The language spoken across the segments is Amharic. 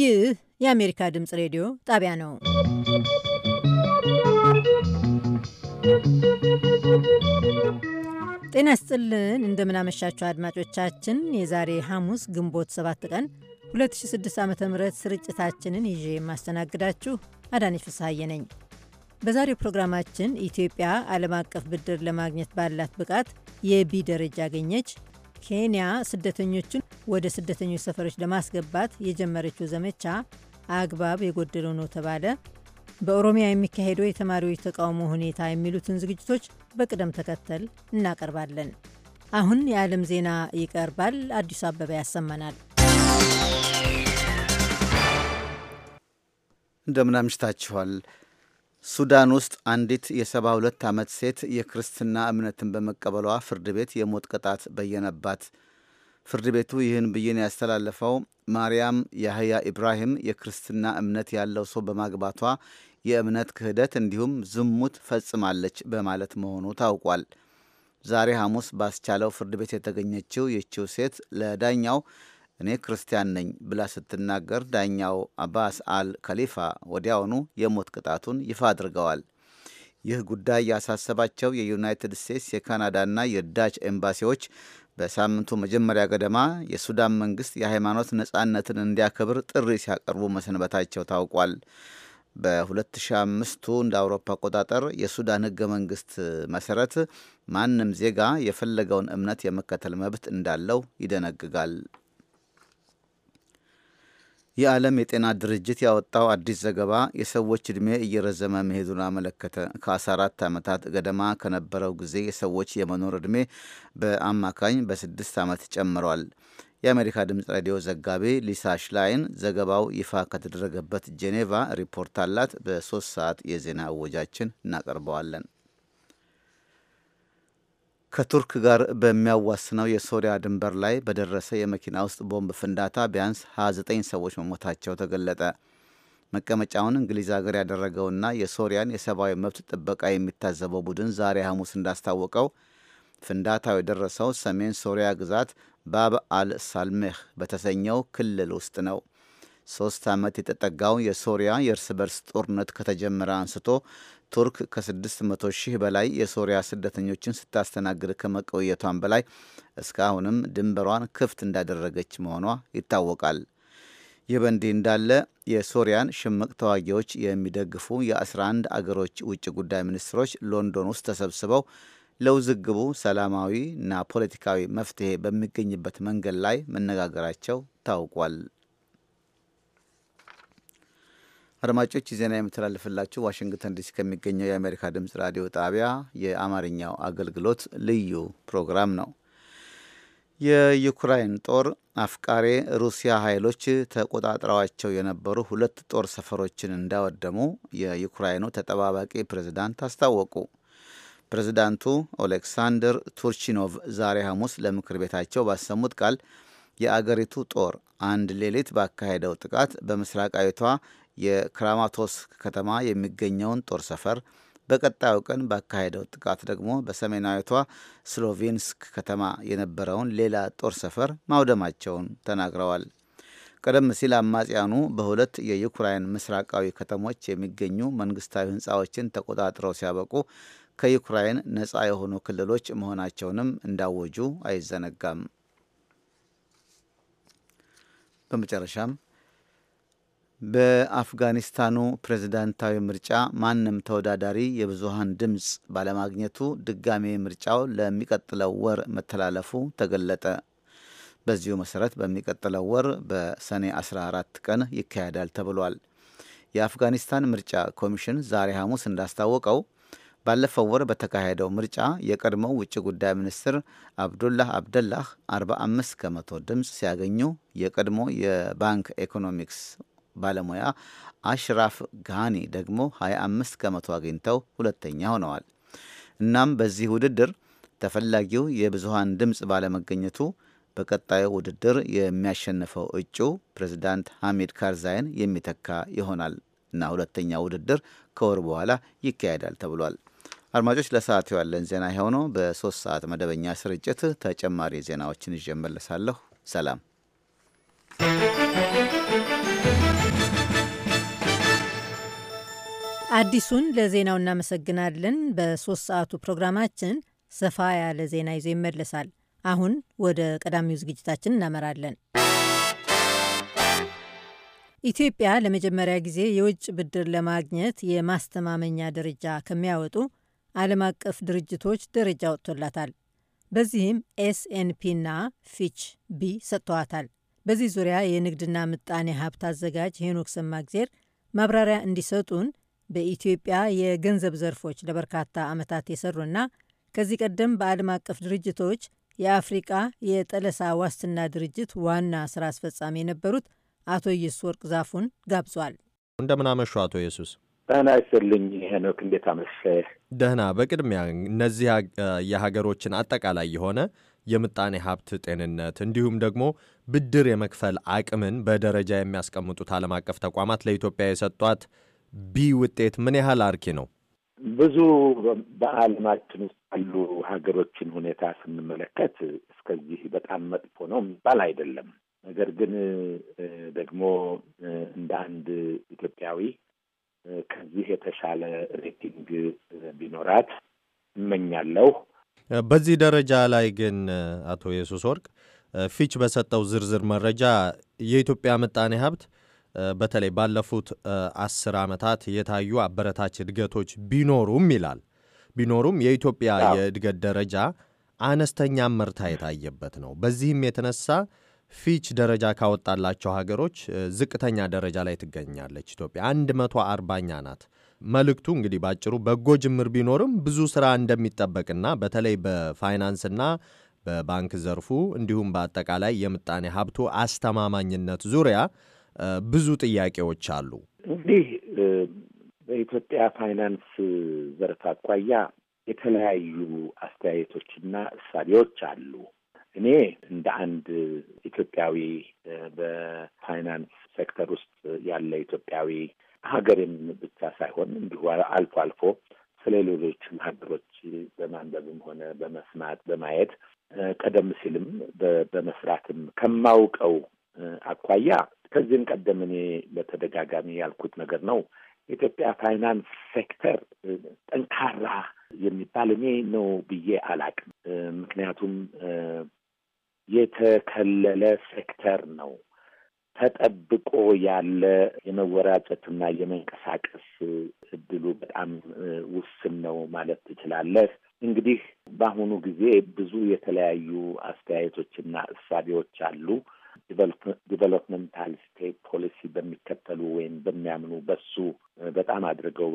ይህ የአሜሪካ ድምፅ ሬዲዮ ጣቢያ ነው። ጤና ስጥልን፣ እንደምናመሻችሁ አድማጮቻችን። የዛሬ ሐሙስ ግንቦት 7 ቀን 2006 ዓ ም ስርጭታችንን ይዤ የማስተናግዳችሁ አዳነች ፍስሐዬ ነኝ። በዛሬው ፕሮግራማችን ኢትዮጵያ ዓለም አቀፍ ብድር ለማግኘት ባላት ብቃት የቢ ደረጃ አገኘች፣ ኬንያ ስደተኞችን ወደ ስደተኞች ሰፈሮች ለማስገባት የጀመረችው ዘመቻ አግባብ የጎደለው ነው ተባለ፣ በኦሮሚያ የሚካሄደው የተማሪዎች ተቃውሞ ሁኔታ የሚሉትን ዝግጅቶች በቅደም ተከተል እናቀርባለን። አሁን የዓለም ዜና ይቀርባል። አዲሱ አበበ ያሰማናል። እንደምን አምሽታችኋል። ሱዳን ውስጥ አንዲት የሰባ 72 ዓመት ሴት የክርስትና እምነትን በመቀበሏ ፍርድ ቤት የሞት ቅጣት በየነባት። ፍርድ ቤቱ ይህን ብይን ያስተላለፈው ማርያም ያህያ ኢብራሂም የክርስትና እምነት ያለው ሰው በማግባቷ የእምነት ክህደት እንዲሁም ዝሙት ፈጽማለች በማለት መሆኑ ታውቋል። ዛሬ ሐሙስ ባስቻለው ፍርድ ቤት የተገኘችው ይህችው ሴት ለዳኛው እኔ ክርስቲያን ነኝ ብላ ስትናገር ዳኛው አባስ አል ከሊፋ ወዲያውኑ የሞት ቅጣቱን ይፋ አድርገዋል። ይህ ጉዳይ ያሳሰባቸው የዩናይትድ ስቴትስ የካናዳና የዳች ኤምባሲዎች በሳምንቱ መጀመሪያ ገደማ የሱዳን መንግስት የሃይማኖት ነጻነትን እንዲያከብር ጥሪ ሲያቀርቡ መሰንበታቸው ታውቋል። በ2005ቱ እንደ አውሮፓ አቆጣጠር የሱዳን ህገ መንግስት መሰረት ማንም ዜጋ የፈለገውን እምነት የመከተል መብት እንዳለው ይደነግጋል። የዓለም የጤና ድርጅት ያወጣው አዲስ ዘገባ የሰዎች ዕድሜ እየረዘመ መሄዱን አመለከተ። ከ14 ዓመታት ገደማ ከነበረው ጊዜ የሰዎች የመኖር ዕድሜ በአማካኝ በስድስት ዓመት ጨምሯል። የአሜሪካ ድምፅ ሬዲዮ ዘጋቢ ሊሳ ሽላይን ዘገባው ይፋ ከተደረገበት ጄኔቫ ሪፖርት አላት። በሶስት ሰዓት የዜና እወጃችን እናቀርበዋለን። ከቱርክ ጋር በሚያዋስነው የሶሪያ ድንበር ላይ በደረሰ የመኪና ውስጥ ቦምብ ፍንዳታ ቢያንስ 29 ሰዎች መሞታቸው ተገለጠ። መቀመጫውን እንግሊዝ ሀገር ያደረገውና የሶሪያን የሰብአዊ መብት ጥበቃ የሚታዘበው ቡድን ዛሬ ሐሙስ እንዳስታወቀው ፍንዳታው የደረሰው ሰሜን ሶሪያ ግዛት ባብ አል ሳልሜህ በተሰኘው ክልል ውስጥ ነው። ሶስት ዓመት የተጠጋው የሶሪያ የእርስ በርስ ጦርነት ከተጀመረ አንስቶ ቱርክ ከ600 ሺህ በላይ የሶሪያ ስደተኞችን ስታስተናግድ ከመቆየቷን በላይ እስካሁንም ድንበሯን ክፍት እንዳደረገች መሆኗ ይታወቃል። ይህ በእንዲህ እንዳለ የሶሪያን ሽምቅ ተዋጊዎች የሚደግፉ የ11 አገሮች ውጭ ጉዳይ ሚኒስትሮች ሎንዶን ውስጥ ተሰብስበው ለውዝግቡ ሰላማዊና ፖለቲካዊ መፍትሄ በሚገኝበት መንገድ ላይ መነጋገራቸው ታውቋል። አድማጮች ዜና የምተላልፍላችሁ ዋሽንግተን ዲሲ ከሚገኘው የአሜሪካ ድምፅ ራዲዮ ጣቢያ የአማርኛው አገልግሎት ልዩ ፕሮግራም ነው። የዩክራይን ጦር አፍቃሬ ሩሲያ ኃይሎች ተቆጣጥረዋቸው የነበሩ ሁለት ጦር ሰፈሮችን እንዳወደሙ የዩክራይኑ ተጠባባቂ ፕሬዝዳንት አስታወቁ። ፕሬዝዳንቱ ኦሌክሳንደር ቱርቺኖቭ ዛሬ ሐሙስ ለምክር ቤታቸው ባሰሙት ቃል የአገሪቱ ጦር አንድ ሌሊት ባካሄደው ጥቃት በምስራቃዊቷ የክራማቶስ ከተማ የሚገኘውን ጦር ሰፈር በቀጣዩ ቀን ባካሄደው ጥቃት ደግሞ በሰሜናዊቷ ስሎቬንስክ ከተማ የነበረውን ሌላ ጦር ሰፈር ማውደማቸውን ተናግረዋል። ቀደም ሲል አማጽያኑ በሁለት የዩክራይን ምስራቃዊ ከተሞች የሚገኙ መንግስታዊ ህንፃዎችን ተቆጣጥረው ሲያበቁ ከዩክራይን ነፃ የሆኑ ክልሎች መሆናቸውንም እንዳወጁ አይዘነጋም። በመጨረሻም በአፍጋኒስታኑ ፕሬዝዳንታዊ ምርጫ ማንም ተወዳዳሪ የብዙሃን ድምፅ ባለማግኘቱ ድጋሜ ምርጫው ለሚቀጥለው ወር መተላለፉ ተገለጠ። በዚሁ መሰረት በሚቀጥለው ወር በሰኔ 14 ቀን ይካሄዳል ተብሏል። የአፍጋኒስታን ምርጫ ኮሚሽን ዛሬ ሐሙስ እንዳስታወቀው ባለፈው ወር በተካሄደው ምርጫ የቀድሞው ውጭ ጉዳይ ሚኒስትር አብዱላህ አብደላህ 45 ከመቶ ድምፅ ሲያገኙ የቀድሞ የባንክ ኢኮኖሚክስ ባለሙያ አሽራፍ ጋኒ ደግሞ 25 ከመቶ አግኝተው ሁለተኛ ሆነዋል። እናም በዚህ ውድድር ተፈላጊው የብዙሃን ድምፅ ባለመገኘቱ በቀጣዩ ውድድር የሚያሸንፈው እጩ ፕሬዚዳንት ሐሚድ ካርዛይን የሚተካ ይሆናል እና ሁለተኛ ውድድር ከወር በኋላ ይካሄዳል ተብሏል። አድማጮች ለሰዓቱ ያለን ዜና ይኸው ነው። በሶስት ሰዓት መደበኛ ስርጭት ተጨማሪ ዜናዎችን ይዤ ሰላም። አዲሱን ለዜናው እናመሰግናለን። በሶስት ሰዓቱ ፕሮግራማችን ሰፋ ያለ ዜና ይዞ ይመለሳል። አሁን ወደ ቀዳሚው ዝግጅታችን እናመራለን። ኢትዮጵያ ለመጀመሪያ ጊዜ የውጭ ብድር ለማግኘት የማስተማመኛ ደረጃ ከሚያወጡ ዓለም አቀፍ ድርጅቶች ደረጃ ወጥቶላታል። በዚህም ኤስኤንፒ እና ፊች ቢ ሰጥተዋታል። በዚህ ዙሪያ የንግድና ምጣኔ ሀብት አዘጋጅ ሄኖክ ሰማግዜር ማብራሪያ እንዲሰጡን በኢትዮጵያ የገንዘብ ዘርፎች ለበርካታ ዓመታት የሰሩና ከዚህ ቀደም በዓለም አቀፍ ድርጅቶች የአፍሪቃ የጠለሳ ዋስትና ድርጅት ዋና ስራ አስፈጻሚ የነበሩት አቶ ኢየሱስ ወርቅ ዛፉን ጋብዟል። አመሹ አቶ ኢየሱስ። ደህና ይስልኝ ሄኖክ፣ እንዴት አመሸህ? ደህና። በቅድሚያ እነዚህ የሀገሮችን አጠቃላይ የሆነ የምጣኔ ሀብት ጤንነት እንዲሁም ደግሞ ብድር የመክፈል አቅምን በደረጃ የሚያስቀምጡት ዓለም አቀፍ ተቋማት ለኢትዮጵያ የሰጧት ቢ ውጤት ምን ያህል አርኪ ነው? ብዙ በዓለማችን ውስጥ ያሉ ሀገሮችን ሁኔታ ስንመለከት እስከዚህ በጣም መጥፎ ነው የሚባል አይደለም። ነገር ግን ደግሞ እንደ አንድ ኢትዮጵያዊ ከዚህ የተሻለ ሬቲንግ ቢኖራት እመኛለሁ። በዚህ ደረጃ ላይ ግን አቶ ኢየሱስ ወርቅ ፊች በሰጠው ዝርዝር መረጃ የኢትዮጵያ ምጣኔ ሀብት በተለይ ባለፉት አስር ዓመታት የታዩ አበረታች እድገቶች ቢኖሩም ይላል ቢኖሩም የኢትዮጵያ የእድገት ደረጃ አነስተኛ ምርታ የታየበት ነው። በዚህም የተነሳ ፊች ደረጃ ካወጣላቸው ሀገሮች ዝቅተኛ ደረጃ ላይ ትገኛለች ኢትዮጵያ አንድ መቶ አርባኛ ናት። መልእክቱ እንግዲህ ባጭሩ በጎ ጅምር ቢኖርም ብዙ ስራ እንደሚጠበቅና በተለይ በፋይናንስና በባንክ ዘርፉ እንዲሁም በአጠቃላይ የምጣኔ ሀብቱ አስተማማኝነት ዙሪያ ብዙ ጥያቄዎች አሉ። እንግዲህ በኢትዮጵያ ፋይናንስ ዘርፍ አኳያ የተለያዩ አስተያየቶችና እሳቤዎች አሉ። እኔ እንደ አንድ ኢትዮጵያዊ በፋይናንስ ሴክተር ውስጥ ያለ ኢትዮጵያዊ ሀገርም ብቻ ሳይሆን እንዲሁ አልፎ አልፎ ስለ ሌሎችም ሀገሮች በማንበብም ሆነ በመስማት በማየት ቀደም ሲልም በመስራትም ከማውቀው አኳያ ከዚህም ቀደም እኔ በተደጋጋሚ ያልኩት ነገር ነው። የኢትዮጵያ ፋይናንስ ሴክተር ጠንካራ የሚባል እኔ ነው ብዬ አላቅም። ምክንያቱም የተከለለ ሴክተር ነው። ተጠብቆ ያለ የመወራጨትና የመንቀሳቀስ እድሉ በጣም ውስን ነው ማለት ትችላለህ። እንግዲህ በአሁኑ ጊዜ ብዙ የተለያዩ አስተያየቶችና እሳቤዎች አሉ። ዲቨሎፕመንታል ስቴት ፖሊሲ በሚከተሉ ወይም በሚያምኑ በሱ በጣም አድርገው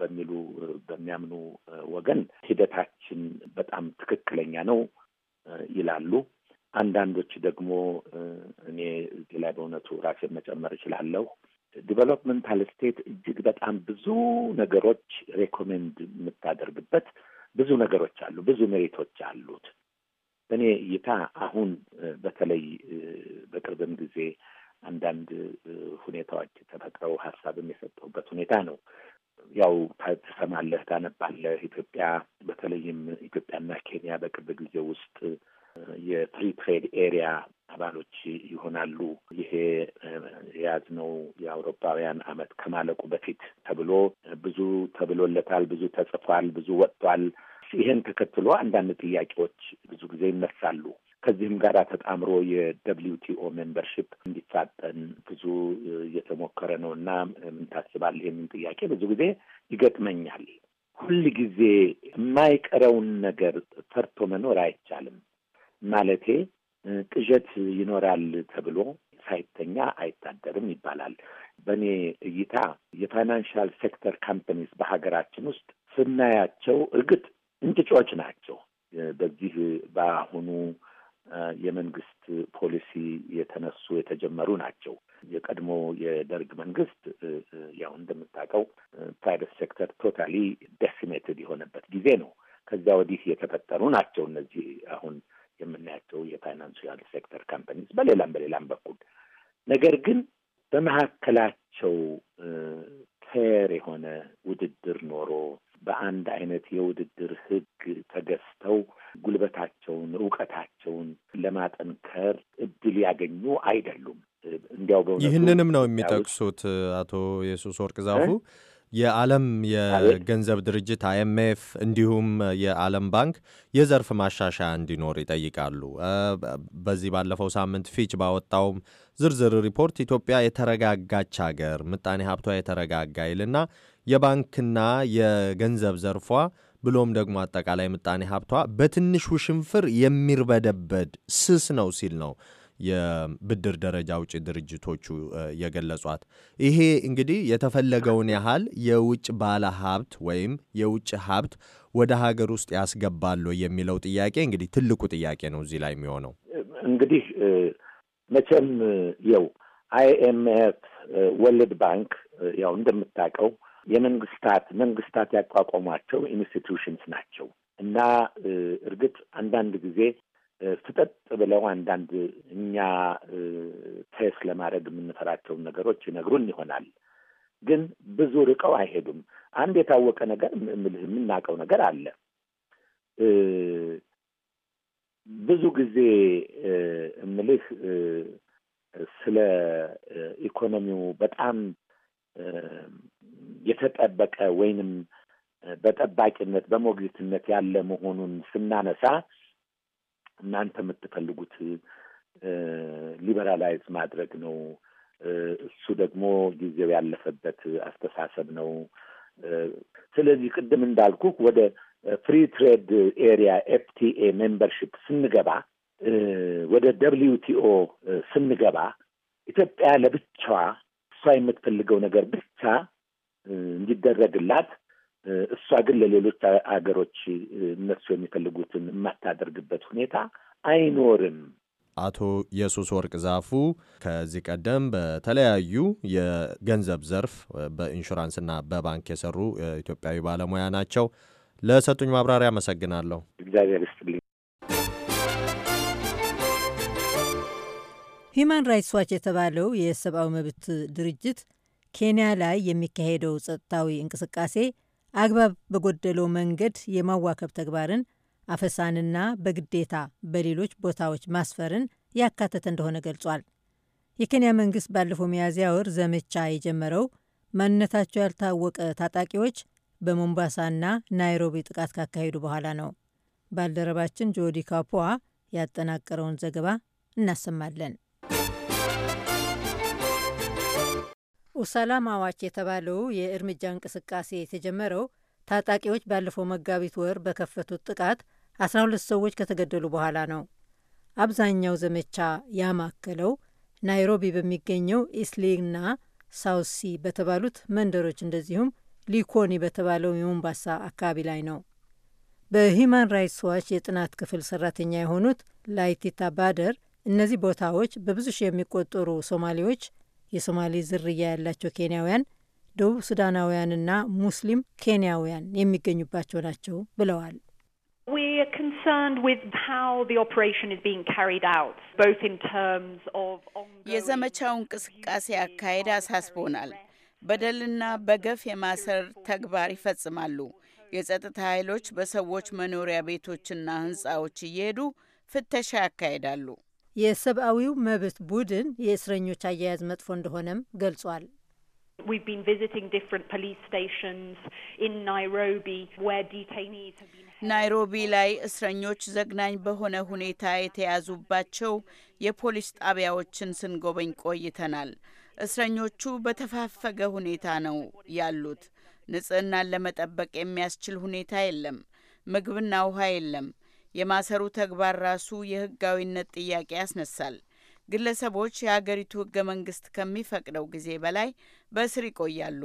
በሚሉ በሚያምኑ ወገን ሂደታችን በጣም ትክክለኛ ነው ይላሉ። አንዳንዶች ደግሞ እኔ እዚህ ላይ በእውነቱ ራሴን መጨመር እችላለሁ። ዲቨሎፕመንታል ስቴት እጅግ በጣም ብዙ ነገሮች ሬኮሜንድ የምታደርግበት ብዙ ነገሮች አሉ፣ ብዙ መሬቶች አሉት። በእኔ እይታ አሁን በተለይ በቅርብም ጊዜ አንዳንድ ሁኔታዎች ተፈጥረው ሀሳብም የሰጠሁበት ሁኔታ ነው። ያው ትሰማለህ፣ ታነባለህ። ኢትዮጵያ በተለይም ኢትዮጵያና ኬንያ በቅርብ ጊዜ ውስጥ የፍሪ ትሬድ ኤሪያ አባሎች ይሆናሉ። ይሄ የያዝነው የአውሮፓውያን አመት ከማለቁ በፊት ተብሎ ብዙ ተብሎለታል፣ ብዙ ተጽፏል፣ ብዙ ወጥቷል። ይህን ተከትሎ አንዳንድ ጥያቄዎች ብዙ ጊዜ ይነሳሉ። ከዚህም ጋር ተጣምሮ የደብሊው ቲኦ እንዲሳጠን እንዲፋጠን ብዙ እየተሞከረ ነው እና ምን ታስባለህ? ጥያቄ ብዙ ጊዜ ይገጥመኛል። ሁል ጊዜ የማይቀረውን ነገር ፈርቶ መኖር አይቻልም። ማለቴ ቅዠት ይኖራል ተብሎ ሳይተኛ አይታደርም ይባላል። በእኔ እይታ የፋይናንሻል ሴክተር ካምፓኒስ በሀገራችን ውስጥ ስናያቸው እርግጥ እንጭጮች ናቸው። በዚህ በአሁኑ የመንግስት ፖሊሲ የተነሱ የተጀመሩ ናቸው። የቀድሞ የደርግ መንግስት ያው እንደምታውቀው ፕራይቬት ሴክተር ቶታሊ ደሲሜትድ የሆነበት ጊዜ ነው። ከዚያ ወዲህ የተፈጠሩ ናቸው እነዚህ አሁን የምናያቸው የፋይናንሽል ሴክተር ካምፓኒስ በሌላም በሌላም በኩል ነገር ግን በመካከላቸው ፌር የሆነ ውድድር ኖሮ በአንድ አይነት የውድድር ህግ ተገዝተው ጉልበታቸውን፣ እውቀታቸውን ለማጠንከር እድል ያገኙ አይደሉም። እንዲያው ይህንንም ነው የሚጠቅሱት አቶ የሱስ ወርቅ ዛፉ የዓለም የገንዘብ ድርጅት አይኤምኤፍ እንዲሁም የዓለም ባንክ የዘርፍ ማሻሻያ እንዲኖር ይጠይቃሉ። በዚህ ባለፈው ሳምንት ፊች ባወጣውም ዝርዝር ሪፖርት ኢትዮጵያ የተረጋጋች ሀገር ምጣኔ ሀብቷ የተረጋጋ ይልና የባንክና የገንዘብ ዘርፏ ብሎም ደግሞ አጠቃላይ ምጣኔ ሀብቷ በትንሹ ሽንፍር የሚርበደበድ ስስ ነው ሲል ነው የብድር ደረጃ ውጭ ድርጅቶቹ የገለጿት። ይሄ እንግዲህ የተፈለገውን ያህል የውጭ ባለ ሀብት ወይም የውጭ ሀብት ወደ ሀገር ውስጥ ያስገባሉ የሚለው ጥያቄ እንግዲህ ትልቁ ጥያቄ ነው እዚህ ላይ የሚሆነው። እንግዲህ መቼም የው አይኤምኤፍ ወርልድ ባንክ ያው እንደምታውቀው የመንግስታት መንግስታት ያቋቋሟቸው ኢንስቲትዩሽንስ ናቸው እና እርግጥ አንዳንድ ጊዜ ፍጠጥ ብለው አንዳንድ እኛ ቴስ ለማድረግ የምንፈራቸውን ነገሮች ይነግሩን ይሆናል። ግን ብዙ ርቀው አይሄዱም። አንድ የታወቀ ነገር የምናቀው የምናውቀው ነገር አለ። ብዙ ጊዜ ምልህ ስለ ኢኮኖሚው በጣም የተጠበቀ ወይንም በጠባቂነት በሞግዚትነት ያለ መሆኑን ስናነሳ እናንተ የምትፈልጉት ሊበራላይዝ ማድረግ ነው። እሱ ደግሞ ጊዜው ያለፈበት አስተሳሰብ ነው። ስለዚህ ቅድም እንዳልኩ ወደ ፍሪ ትሬድ ኤሪያ ኤፍቲኤ ሜምበርሽፕ ስንገባ ወደ ደብሊዩ ቲኦ ስንገባ ኢትዮጵያ ለብቻዋ እሷ የምትፈልገው ነገር ብቻ እንዲደረግላት እሷ ግን ለሌሎች አገሮች እነሱ የሚፈልጉትን የማታደርግበት ሁኔታ አይኖርም። አቶ ኢየሱስ ወርቅ ዛፉ ከዚህ ቀደም በተለያዩ የገንዘብ ዘርፍ በኢንሹራንስና በባንክ የሰሩ ኢትዮጵያዊ ባለሙያ ናቸው። ለሰጡኝ ማብራሪያ አመሰግናለሁ። እግዚአብሔር ይስጥልኝ። ሂማን ራይትስ ዋች የተባለው የሰብአዊ መብት ድርጅት ኬንያ ላይ የሚካሄደው ጸጥታዊ እንቅስቃሴ አግባብ በጎደለው መንገድ የማዋከብ ተግባርን፣ አፈሳንና በግዴታ በሌሎች ቦታዎች ማስፈርን ያካተተ እንደሆነ ገልጿል። የኬንያ መንግስት ባለፈው ሚያዝያ ወር ዘመቻ የጀመረው ማንነታቸው ያልታወቀ ታጣቂዎች በሞምባሳና ናይሮቢ ጥቃት ካካሄዱ በኋላ ነው። ባልደረባችን ጆዲ ካፖዋ ያጠናቀረውን ዘገባ እናሰማለን። ኡሳላማ ዋች የተባለው የእርምጃ እንቅስቃሴ የተጀመረው ታጣቂዎች ባለፈው መጋቢት ወር በከፈቱት ጥቃት 12 ሰዎች ከተገደሉ በኋላ ነው። አብዛኛው ዘመቻ ያማከለው ናይሮቢ በሚገኘው ኢስሊና ሳውሲ በተባሉት መንደሮች እንደዚሁም ሊኮኒ በተባለው የሞምባሳ አካባቢ ላይ ነው። በሂማን ራይትስ ዋች የጥናት ክፍል ሰራተኛ የሆኑት ላይቲታ ባደር እነዚህ ቦታዎች በብዙ ሺህ የሚቆጠሩ ሶማሌዎች የሶማሌ ዝርያ ያላቸው ኬንያውያን፣ ደቡብ ሱዳናውያንና ሙስሊም ኬንያውያን የሚገኙባቸው ናቸው ብለዋል። የዘመቻው እንቅስቃሴ አካሄድ አሳስቦናል። በደልና በገፍ የማሰር ተግባር ይፈጽማሉ። የጸጥታ ኃይሎች በሰዎች መኖሪያ ቤቶችና ሕንጻዎች እየሄዱ ፍተሻ ያካሂዳሉ። የሰብአዊው መብት ቡድን የእስረኞች አያያዝ መጥፎ እንደሆነም ገልጿል። ናይሮቢ ላይ እስረኞች ዘግናኝ በሆነ ሁኔታ የተያዙባቸው የፖሊስ ጣቢያዎችን ስንጎበኝ ቆይተናል። እስረኞቹ በተፋፈገ ሁኔታ ነው ያሉት። ንጽህናን ለመጠበቅ የሚያስችል ሁኔታ የለም። ምግብና ውሃ የለም። የማሰሩ ተግባር ራሱ የህጋዊነት ጥያቄ ያስነሳል። ግለሰቦች የሀገሪቱ ህገ መንግስት ከሚፈቅደው ጊዜ በላይ በእስር ይቆያሉ።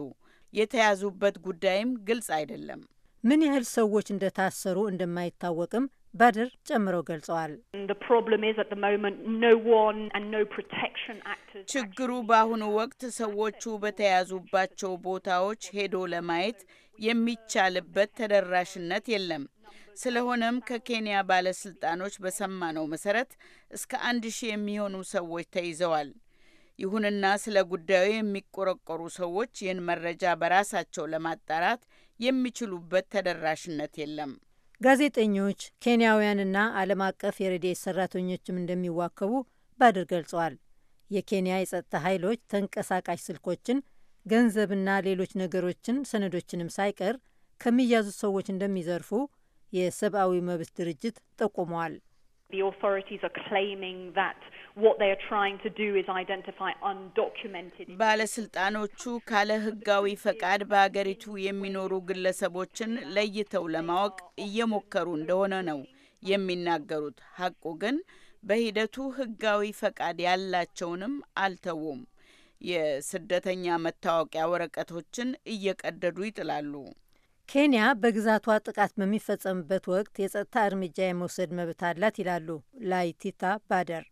የተያዙበት ጉዳይም ግልጽ አይደለም። ምን ያህል ሰዎች እንደታሰሩ እንደማይታወቅም ባድር ጨምረው ገልጸዋል። ችግሩ በአሁኑ ወቅት ሰዎቹ በተያዙባቸው ቦታዎች ሄዶ ለማየት የሚቻልበት ተደራሽነት የለም። ስለሆነም ከኬንያ ባለስልጣኖች በሰማነው መሰረት እስከ አንድ ሺህ የሚሆኑ ሰዎች ተይዘዋል። ይሁንና ስለ ጉዳዩ የሚቆረቆሩ ሰዎች ይህን መረጃ በራሳቸው ለማጣራት የሚችሉበት ተደራሽነት የለም። ጋዜጠኞች፣ ኬንያውያንና ዓለም አቀፍ የረድኤት ሰራተኞችም እንደሚዋከቡ ባድር ገልጸዋል። የኬንያ የጸጥታ ኃይሎች ተንቀሳቃሽ ስልኮችን፣ ገንዘብና ሌሎች ነገሮችን፣ ሰነዶችንም ሳይቀር ከሚያዙት ሰዎች እንደሚዘርፉ የሰብአዊ መብት ድርጅት ጠቁመዋል። ባለስልጣኖቹ ካለ ሕጋዊ ፈቃድ በሀገሪቱ የሚኖሩ ግለሰቦችን ለይተው ለማወቅ እየሞከሩ እንደሆነ ነው የሚናገሩት። ሀቁ ግን በሂደቱ ሕጋዊ ፈቃድ ያላቸውንም አልተውም። የስደተኛ መታወቂያ ወረቀቶችን እየቀደዱ ይጥላሉ። ኬንያ በግዛቷ ጥቃት በሚፈጸምበት ወቅት የጸጥታ እርምጃ የመውሰድ መብት አላት ይላሉ ላይቲታ ባደር።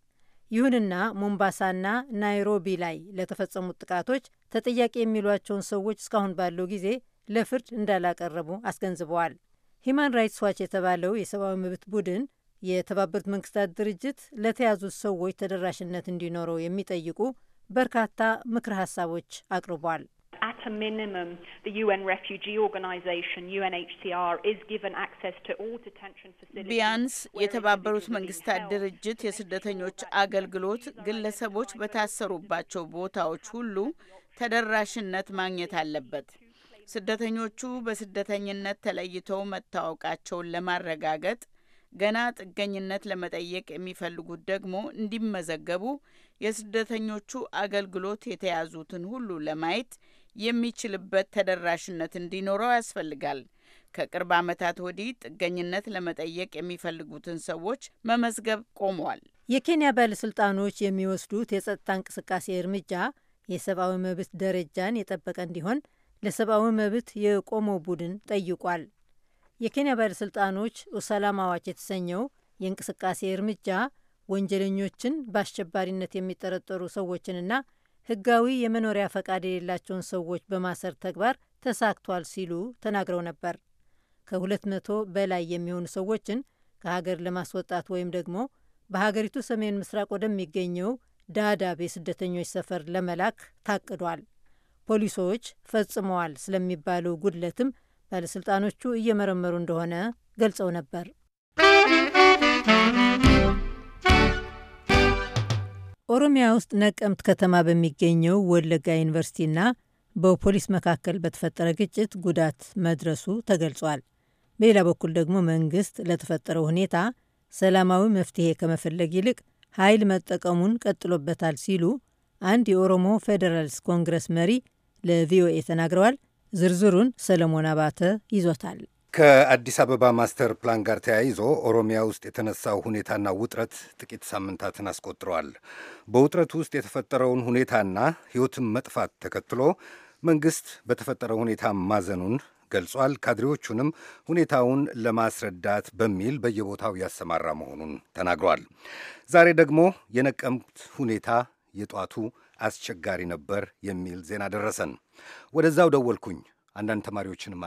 ይሁንና ሞምባሳና ናይሮቢ ላይ ለተፈጸሙት ጥቃቶች ተጠያቂ የሚሏቸውን ሰዎች እስካሁን ባለው ጊዜ ለፍርድ እንዳላቀረቡ አስገንዝበዋል። ሂማን ራይትስ ዋች የተባለው የሰብአዊ መብት ቡድን የተባበሩት መንግስታት ድርጅት ለተያዙት ሰዎች ተደራሽነት እንዲኖረው የሚጠይቁ በርካታ ምክር ሀሳቦች አቅርቧል። a minimum, the UN Refugee Organization UNHCR is given access to all detention facilities. ቢያንስ የተባበሩት መንግስታት ድርጅት የስደተኞች አገልግሎት ግለሰቦች በታሰሩባቸው ቦታዎች ሁሉ ተደራሽነት ማግኘት አለበት። ስደተኞቹ በስደተኝነት ተለይተው መታወቃቸውን ለማረጋገጥ ገና ጥገኝነት ለመጠየቅ የሚፈልጉት ደግሞ እንዲመዘገቡ የስደተኞቹ አገልግሎት የተያዙትን ሁሉ ለማየት የሚችልበት ተደራሽነት እንዲኖረው ያስፈልጋል። ከቅርብ ዓመታት ወዲህ ጥገኝነት ለመጠየቅ የሚፈልጉትን ሰዎች መመዝገብ ቆመዋል። የኬንያ ባለሥልጣኖች የሚወስዱት የጸጥታ እንቅስቃሴ እርምጃ የሰብአዊ መብት ደረጃን የጠበቀ እንዲሆን ለሰብአዊ መብት የቆመው ቡድን ጠይቋል። የኬንያ ባለሥልጣኖች ኡሰላማዋች የተሰኘው የእንቅስቃሴ እርምጃ ወንጀለኞችን በአሸባሪነት የሚጠረጠሩ ሰዎችንና ህጋዊ የመኖሪያ ፈቃድ የሌላቸውን ሰዎች በማሰር ተግባር ተሳክቷል ሲሉ ተናግረው ነበር። ከሁለት መቶ በላይ የሚሆኑ ሰዎችን ከሀገር ለማስወጣት ወይም ደግሞ በሀገሪቱ ሰሜን ምስራቅ ወደሚገኘው ዳዳብ የስደተኞች ሰፈር ለመላክ ታቅዷል። ፖሊሶች ፈጽመዋል ስለሚባሉ ጉድለትም ባለሥልጣኖቹ እየመረመሩ እንደሆነ ገልጸው ነበር። ኦሮሚያ ውስጥ ነቀምት ከተማ በሚገኘው ወለጋ ዩኒቨርሲቲና በፖሊስ መካከል በተፈጠረ ግጭት ጉዳት መድረሱ ተገልጿል። በሌላ በኩል ደግሞ መንግስት ለተፈጠረው ሁኔታ ሰላማዊ መፍትሄ ከመፈለግ ይልቅ ኃይል መጠቀሙን ቀጥሎበታል ሲሉ አንድ የኦሮሞ ፌዴራልስ ኮንግረስ መሪ ለቪኦኤ ተናግረዋል። ዝርዝሩን ሰለሞን አባተ ይዞታል። ከአዲስ አበባ ማስተር ፕላን ጋር ተያይዞ ኦሮሚያ ውስጥ የተነሳው ሁኔታና ውጥረት ጥቂት ሳምንታትን አስቆጥረዋል። በውጥረቱ ውስጥ የተፈጠረውን ሁኔታና ሕይወትን መጥፋት ተከትሎ መንግሥት በተፈጠረው ሁኔታ ማዘኑን ገልጿል። ካድሬዎቹንም ሁኔታውን ለማስረዳት በሚል በየቦታው ያሰማራ መሆኑን ተናግሯል። ዛሬ ደግሞ የነቀምት ሁኔታ የጧቱ አስቸጋሪ ነበር የሚል ዜና ደረሰን። ወደዛው ደወልኩኝ። አንዳንድ ተማሪዎችንም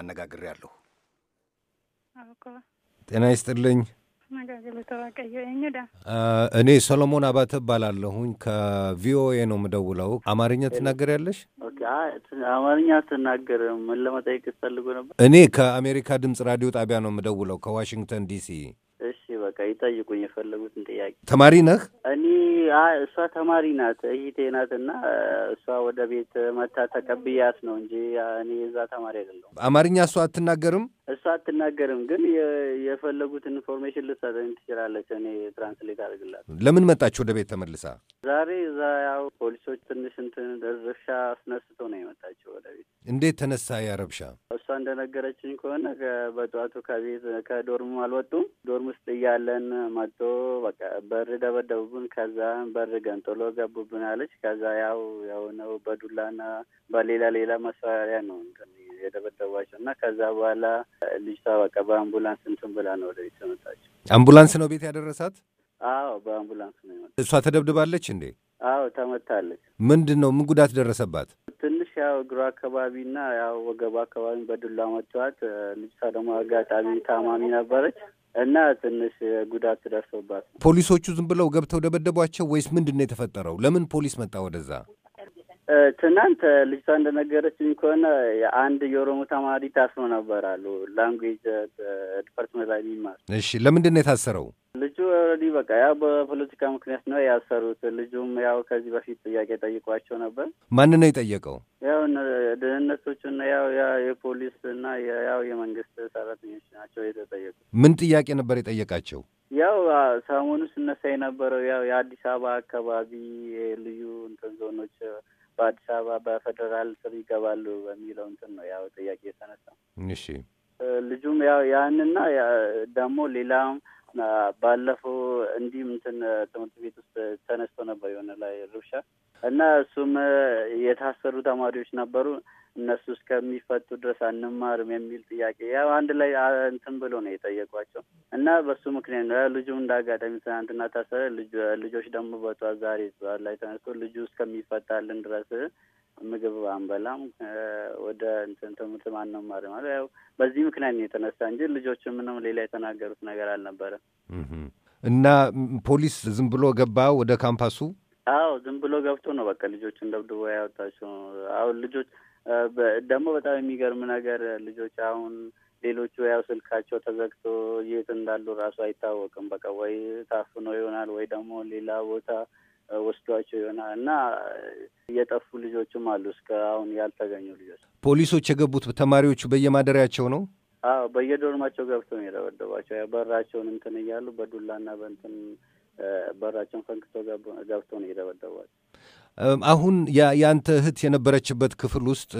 ያለሁ ጤና ይስጥልኝ። እኔ ሰሎሞን አባተ እባላለሁኝ ከቪኦኤ ነው የምደውለው። አማርኛ ያለሽ? አማርኛ ትናገር። ምን ለመጠየቅ ትፈልጉ ነበር? እኔ ከአሜሪካ ድምፅ ራዲዮ ጣቢያ ነው የምደውለው ከዋሽንግተን ዲሲ በቃ ይጠይቁኝ የፈለጉትን ጥያቄ። ተማሪ ነህ? እኔ እሷ ተማሪ ናት፣ እህቴ ናት። እና እሷ ወደ ቤት መታ ተቀብያት ነው እንጂ እኔ እዛ ተማሪ አይደለሁም። አማርኛ እሷ አትናገርም? እሷ አትናገርም፣ ግን የፈለጉትን ኢንፎርሜሽን ልትሰጠኝ ትችላለች። እኔ ትራንስሌት አድርግላት። ለምን መጣች ወደ ቤት ተመልሳ? ዛሬ እዛ ያው ፖሊሶች ትንሽ እንትን አስነስቶ ነው የመጣችው ወደ ቤት እንዴት ተነሳ ያ ረብሻ? እሷ እንደነገረችኝ ከሆነ በጠዋቱ ከቤት ከዶርሙ አልወጡም። ዶርም ውስጥ እያለን መጥቶ በቃ በር ደበደቡብን። ከዛ በር ገንጥሎ ገቡብን አለች። ከዛ ያው የሆነው በዱላና በሌላ ሌላ መሳሪያ ነው የደበደቧቸው እና ከዛ በኋላ ልጅቷ በቃ በአምቡላንስ እንትን ብላ ነው ወደ ቤት አምቡላንስ ነው ቤት ያደረሳት? አዎ በአምቡላንስ ነው። እሷ ተደብድባለች እንዴ? አዎ ተመታለች። ምንድን ነው ምን ጉዳት ደረሰባት? ያው እግሩ አካባቢና ያው ወገቡ አካባቢ በዱላ መቷት። ልጅቷ ደግሞ አጋጣሚ ታማሚ ነበረች እና ትንሽ ጉዳት ደርሶባት። ፖሊሶቹ ዝም ብለው ገብተው ደበደቧቸው ወይስ ምንድን ነው የተፈጠረው? ለምን ፖሊስ መጣ ወደዛ? ትናንት ልጅቷ እንደነገረችኝ ከሆነ አንድ የኦሮሞ ተማሪ ታስሮ ነበር አሉ። ላንጉጅ ዲፓርትመንት ላይ የሚማር እሺ። ለምንድን ነው የታሰረው? ልጁ ኦልሬዲ በቃ ያው በፖለቲካ ምክንያት ነው ያሰሩት። ልጁም ያው ከዚህ በፊት ጥያቄ ጠይቋቸው ነበር። ማን ነው የጠየቀው? ያው ደህንነቶቹና ያው የፖሊስ እና ያው የመንግስት ሰራተኞች ናቸው የተጠየቁ። ምን ጥያቄ ነበር የጠየቃቸው? ያው ሰሞኑ ስነሳ የነበረው ያው የአዲስ አበባ አካባቢ ልዩ እንትን ዞኖች በአዲስ አበባ በፌዴራል ስር ይገባሉ በሚለው እንትን ነው ያው ጥያቄ የተነሳው። እሺ ልጁም ያው ያንና ደግሞ ሌላም ባለፈው እንዲህ እንትን ትምህርት ቤት ውስጥ ተነስቶ ነበር የሆነ ላይ ርብሻ እና እሱም የታሰሩ ተማሪዎች ነበሩ እነሱ እስከሚፈቱ ድረስ አንማርም የሚል ጥያቄ ያው አንድ ላይ እንትን ብሎ ነው የጠየቋቸው እና በሱ ምክንያት ነው ልጁ እንዳጋጣሚ ትናንትና ታሰረ። ልጆች ደግሞ በጠዋት ዛሬ ጠዋት ላይ ተነስቶ ልጁ እስከሚፈታልን ድረስ ምግብ አንበላም፣ ወደ እንትን ትምህርት አንማርም ማለት ያው በዚህ ምክንያት ነው የተነሳ እንጂ ልጆቹ ምንም ሌላ የተናገሩት ነገር አልነበረም እና ፖሊስ ዝም ብሎ ገባ ወደ ካምፓሱ አዎ ዝም ብሎ ገብቶ ነው በቃ ልጆችን ደብድቦ ያወጣቸው። አሁን ልጆች ደግሞ በጣም የሚገርም ነገር ልጆች አሁን ሌሎቹ ያው ስልካቸው ተዘግቶ የት እንዳሉ ራሱ አይታወቅም። በቃ ወይ ታፍኖ ይሆናል ወይ ደግሞ ሌላ ቦታ ወስዷቸው ይሆናል እና እየጠፉ ልጆችም አሉ እስከ አሁን ያልተገኙ ልጆች። ፖሊሶች የገቡት ተማሪዎቹ በየማደሪያቸው ነው። አዎ በየዶርማቸው ገብቶ ነው የደበደቧቸው። በራቸውን እንትን እያሉ በዱላና በእንትን በራቸውን ፈንክተው ገብተው ነው የደበደቧቸው። አሁን የአንተ እህት የነበረችበት ክፍል ውስጥ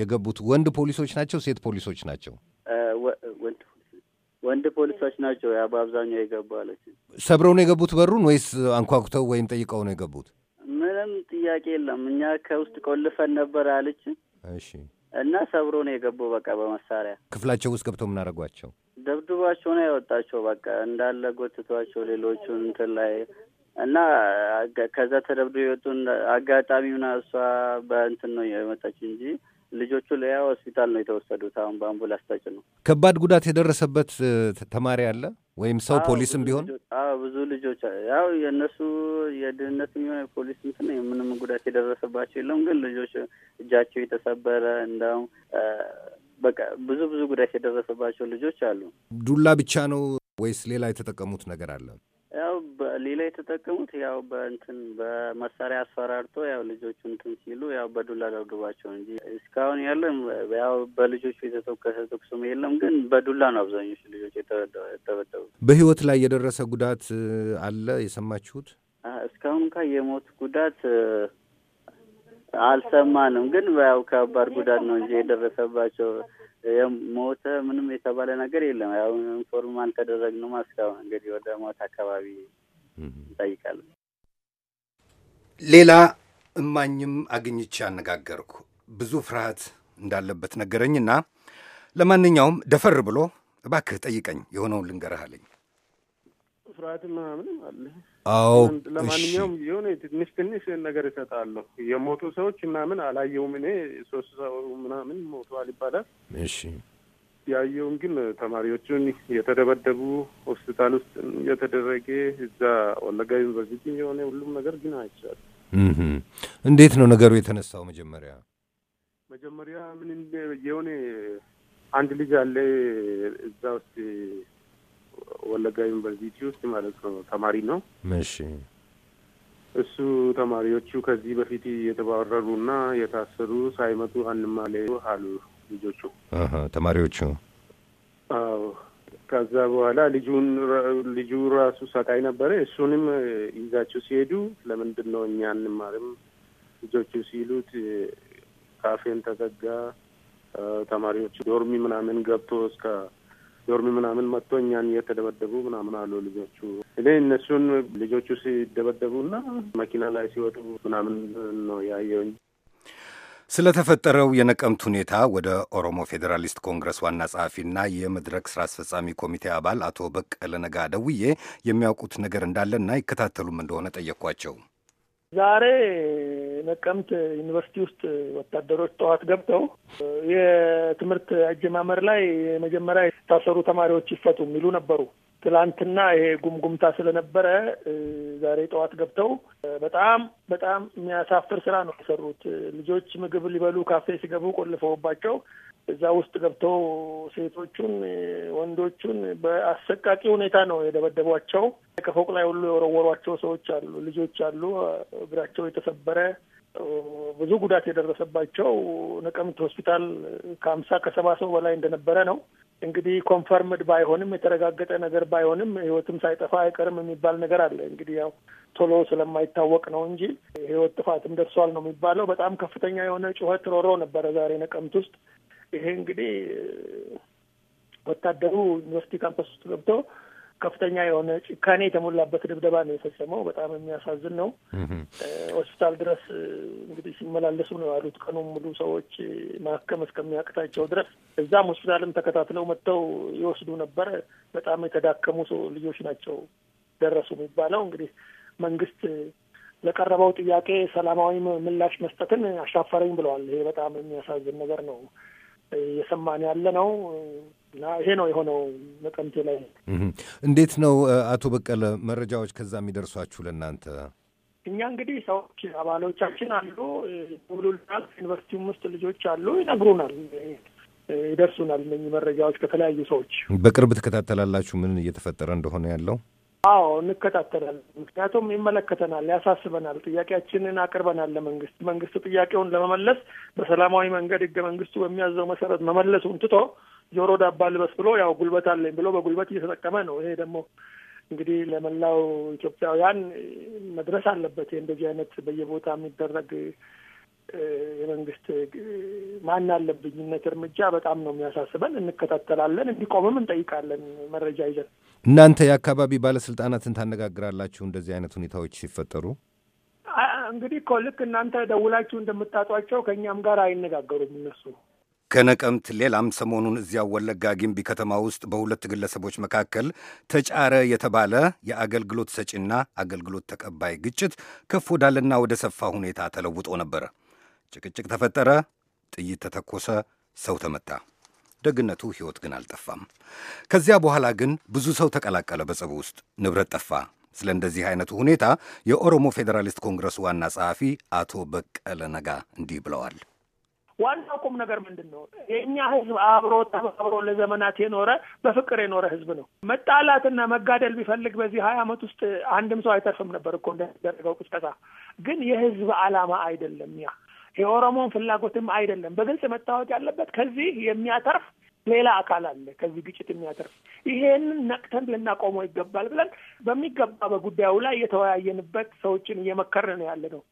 የገቡት ወንድ ፖሊሶች ናቸው? ሴት ፖሊሶች ናቸው? ወንድ ፖሊሶች ናቸው። ያ በአብዛኛው የገቡ አለች። ሰብረው ነው የገቡት በሩን ወይስ አንኳኩተው ወይም ጠይቀው ነው የገቡት? ምንም ጥያቄ የለም። እኛ ከውስጥ ቆልፈን ነበር አለች። እሺ። እና ሰብሮ ነው የገቡ በቃ በመሳሪያ። ክፍላቸው ውስጥ ገብተው ምን አደረጓቸው? ደብድባቸው ነው ያወጣቸው። በቃ እንዳለ ጎትቷቸው ሌሎቹን እንትን ላይ እና ከዛ ተደብዶ የወጡ አጋጣሚ ምና እሷ በእንትን ነው የመጣች እንጂ ልጆቹ ለያ ሆስፒታል ነው የተወሰዱት። አሁን በአምቡላንስ ተጭነው። ከባድ ጉዳት የደረሰበት ተማሪ አለ ወይም ሰው ፖሊስም ቢሆን ብዙ ልጆች ያው የእነሱ የድህነት የሚሆን የፖሊስ እንትን ምንም ጉዳት የደረሰባቸው የለም። ግን ልጆች እጃቸው የተሰበረ እንደውም በቃ ብዙ ብዙ ጉዳት የደረሰባቸው ልጆች አሉ። ዱላ ብቻ ነው ወይስ ሌላ የተጠቀሙት ነገር አለ? ያው ሌላ የተጠቀሙት ያው በእንትን በመሳሪያ አስፈራርቶ ያው ልጆቹ እንትን ሲሉ ያው በዱላ ደብድባቸው እንጂ እስካሁን ያለም ያው በልጆቹ የተተኮሰ ተኩስም የለም። ግን በዱላ ነው አብዛኞቹ ልጆች የተበደቡት። በህይወት ላይ የደረሰ ጉዳት አለ የሰማችሁት? እስካሁን ካ የሞት ጉዳት አልሰማንም፣ ግን ያው ከባድ ጉዳት ነው እንጂ የደረሰባቸው ሞተ ምንም የተባለ ነገር የለም። ያው ኢንፎርም አልተደረግንም። እስካሁን እንግዲህ ወደ ሞት አካባቢ ይጠይቃል። ሌላ እማኝም አግኝቼ አነጋገርኩ። ብዙ ፍርሃት እንዳለበት ነገረኝና ለማንኛውም ደፈር ብሎ እባክህ ጠይቀኝ የሆነውን ልንገርህ አለኝ። ፍርሃትማ ምንም አለ አዎ ለማንኛውም የሆነ ትንሽ ትንሽ ነገር እሰጣለሁ። የሞቱ ሰዎች ምናምን አላየውም እኔ ሶስት ሰው ምናምን ሞቷል ይባላል። እሺ ያየውን ግን ተማሪዎቹን የተደበደቡ ሆስፒታል ውስጥ የተደረገ እዛ ወለጋ ዩኒቨርሲቲ የሆነ ሁሉም ነገር ግን አይቻል። እንዴት ነው ነገሩ የተነሳው? መጀመሪያ መጀመሪያ ምን የሆነ አንድ ልጅ አለ እዛ ውስጥ ወለጋ ዩኒቨርሲቲ ውስጥ ማለት ነው ተማሪ ነው። እሺ እሱ ተማሪዎቹ ከዚህ በፊት የተባረሩና የታሰሩ ሳይመጡ አንማሌ አሉ ልጆቹ ተማሪዎቹ። አዎ ከዛ በኋላ ልጁን ልጁ ራሱ ሰቃይ ነበረ። እሱንም ይዛቸው ሲሄዱ ለምንድን ነው እኛ አንማርም ልጆቹ ሲሉት ካፌን ተዘጋ። ተማሪዎቹ ዶርሚ ምናምን ገብቶ እስከ ዶርሚ ምናምን መጥቶ እኛን እየተደበደቡ ምናምን አሉ ልጆቹ። እኔ እነሱን ልጆቹ ና መኪና ላይ ሲወጡ ምናምን ነው ያየውኝ። ስለተፈጠረው የነቀምት ሁኔታ ወደ ኦሮሞ ፌዴራሊስት ኮንግረስ ዋና ጸሐፊና የመድረክ ስራ አስፈጻሚ ኮሚቴ አባል አቶ በቀለ ነጋ ደውዬ የሚያውቁት ነገር እንዳለና ይከታተሉም እንደሆነ ጠየቅኳቸው። ዛሬ የነቀምት ዩኒቨርሲቲ ውስጥ ወታደሮች ጠዋት ገብተው የትምህርት አጀማመር ላይ መጀመሪያ የታሰሩ ተማሪዎች ይፈቱ የሚሉ ነበሩ። ትላንትና ይሄ ጉምጉምታ ስለነበረ ዛሬ ጠዋት ገብተው በጣም በጣም የሚያሳፍር ስራ ነው የሰሩት። ልጆች ምግብ ሊበሉ ካፌ ሲገቡ ቆልፈውባቸው እዛ ውስጥ ገብተው ሴቶቹን፣ ወንዶቹን በአሰቃቂ ሁኔታ ነው የደበደቧቸው። ከፎቅ ላይ ሁሉ የወረወሯቸው ሰዎች አሉ፣ ልጆች አሉ፣ እግራቸው የተሰበረ ብዙ ጉዳት የደረሰባቸው ነቀምት ሆስፒታል ከሀምሳ ከሰባ ሰው በላይ እንደነበረ ነው። እንግዲህ ኮንፈርምድ ባይሆንም የተረጋገጠ ነገር ባይሆንም ህይወትም ሳይጠፋ አይቀርም የሚባል ነገር አለ። እንግዲህ ያው ቶሎ ስለማይታወቅ ነው እንጂ ህይወት ጥፋትም ደርሷል ነው የሚባለው። በጣም ከፍተኛ የሆነ ጩኸት ሮሮ ነበረ ዛሬ ነቀምት ውስጥ። ይሄ እንግዲህ ወታደሩ ዩኒቨርሲቲ ካምፐስ ውስጥ ገብቶ ከፍተኛ የሆነ ጭካኔ የተሞላበት ድብደባ ነው የፈጸመው። በጣም የሚያሳዝን ነው። ሆስፒታል ድረስ እንግዲህ ሲመላለሱ ነው ያሉት። ቀኑን ሙሉ ሰዎች ማከም እስከሚያቅታቸው ድረስ እዛም ሆስፒታልም ተከታትለው መጥተው ይወስዱ ነበር። በጣም የተዳከሙ ሰው ልጆች ናቸው ደረሱ የሚባለው። እንግዲህ መንግስት ለቀረበው ጥያቄ ሰላማዊ ምላሽ መስጠትን አሻፈረኝ ብለዋል። ይሄ በጣም የሚያሳዝን ነገር ነው እየሰማን ያለ ነው። እና ይሄ ነው የሆነው ነቀምቴ ላይ። እንዴት ነው አቶ በቀለ መረጃዎች ከዛ የሚደርሷችሁ ለእናንተ? እኛ እንግዲህ ሰዎች አባሎቻችን አሉ ብሉልናል። ዩኒቨርሲቲውም ውስጥ ልጆች አሉ ይነግሩናል፣ ይደርሱናል እነኚህ መረጃዎች ከተለያዩ ሰዎች። በቅርብ ትከታተላላችሁ ምን እየተፈጠረ እንደሆነ ያለው አዎ እንከታተላለን። ምክንያቱም ይመለከተናል፣ ያሳስበናል። ጥያቄያችንን አቅርበናል ለመንግስት። መንግስት ጥያቄውን ለመመለስ በሰላማዊ መንገድ ህገ መንግስቱ በሚያዘው መሰረት መመለሱን ትቶ ጆሮ ዳባ ልበስ ብሎ ያው ጉልበት አለኝ ብሎ በጉልበት እየተጠቀመ ነው። ይሄ ደግሞ እንግዲህ ለመላው ኢትዮጵያውያን መድረስ አለበት። እንደዚህ አይነት በየቦታ የሚደረግ የመንግስት ማን አለብኝነት እርምጃ በጣም ነው የሚያሳስበን። እንከታተላለን፣ እንዲቆምም እንጠይቃለን መረጃ ይዘን። እናንተ የአካባቢ ባለስልጣናትን ታነጋግራላችሁ እንደዚህ አይነት ሁኔታዎች ሲፈጠሩ? እንግዲህ እኮ ልክ እናንተ ደውላችሁ እንደምታጧቸው ከእኛም ጋር አይነጋገሩም እነሱ። ከነቀምት ሌላም ሰሞኑን እዚያው ወለጋ ጊምቢ ከተማ ውስጥ በሁለት ግለሰቦች መካከል ተጫረ የተባለ የአገልግሎት ሰጪና አገልግሎት ተቀባይ ግጭት ከፍ ወዳለና ወደ ሰፋ ሁኔታ ተለውጦ ነበረ። ጭቅጭቅ ተፈጠረ፣ ጥይት ተተኮሰ፣ ሰው ተመታ። ደግነቱ ሕይወት ግን አልጠፋም። ከዚያ በኋላ ግን ብዙ ሰው ተቀላቀለ በጸቡ ውስጥ፣ ንብረት ጠፋ። ስለ እንደዚህ አይነቱ ሁኔታ የኦሮሞ ፌዴራሊስት ኮንግረስ ዋና ጸሐፊ አቶ በቀለ ነጋ እንዲህ ብለዋል። ዋናው ቁም ነገር ምንድን ነው? የእኛ ህዝብ አብሮ ተባብሮ ለዘመናት የኖረ በፍቅር የኖረ ህዝብ ነው። መጣላትና መጋደል ቢፈልግ በዚህ ሀያ ዓመት ውስጥ አንድም ሰው አይተርፍም ነበር እኮ እንደሚደረገው ቅስቀሳ። ግን የህዝብ አላማ አይደለም ያ የኦሮሞን ፍላጎትም አይደለም። በግልጽ መታወቅ ያለበት ከዚህ የሚያተርፍ ሌላ አካል አለ፣ ከዚህ ግጭት የሚያተርፍ ይሄንን ነቅተን ልናቆመው ይገባል ብለን በሚገባ በጉዳዩ ላይ የተወያየንበት ሰዎችን እየመከርን ነው ያለ ነው።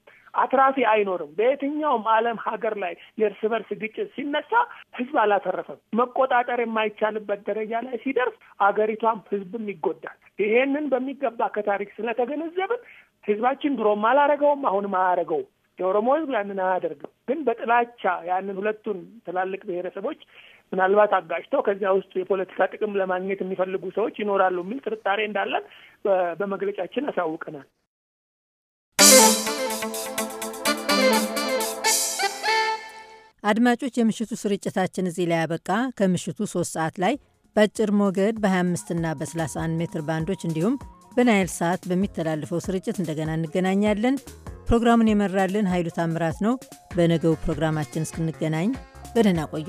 አትራፊ አይኖርም። በየትኛውም ዓለም ሀገር ላይ የእርስ በርስ ግጭት ሲነሳ ህዝብ አላተረፈም። መቆጣጠር የማይቻልበት ደረጃ ላይ ሲደርስ አገሪቷም ህዝብም ይጎዳል። ይሄንን በሚገባ ከታሪክ ስለተገነዘብን ህዝባችን ድሮም አላረገውም፣ አሁንም አያረገውም። የኦሮሞ ህዝብ ያንን አያደርግም። ግን በጥላቻ ያንን ሁለቱን ትላልቅ ብሔረሰቦች ምናልባት አጋጭተው ከዚያ ውስጥ የፖለቲካ ጥቅም ለማግኘት የሚፈልጉ ሰዎች ይኖራሉ የሚል ጥርጣሬ እንዳለን በመግለጫችን አሳውቀናል። አድማጮች፣ የምሽቱ ስርጭታችን እዚህ ላይ ያበቃ። ከምሽቱ ሶስት ሰዓት ላይ በአጭር ሞገድ በ25 ና በ31 ሜትር ባንዶች እንዲሁም በናይል ሰዓት በሚተላለፈው ስርጭት እንደገና እንገናኛለን። ፕሮግራሙን የመራልን ኃይሉ ታምራት ነው። በነገው ፕሮግራማችን እስክንገናኝ በደህና ቆዩ።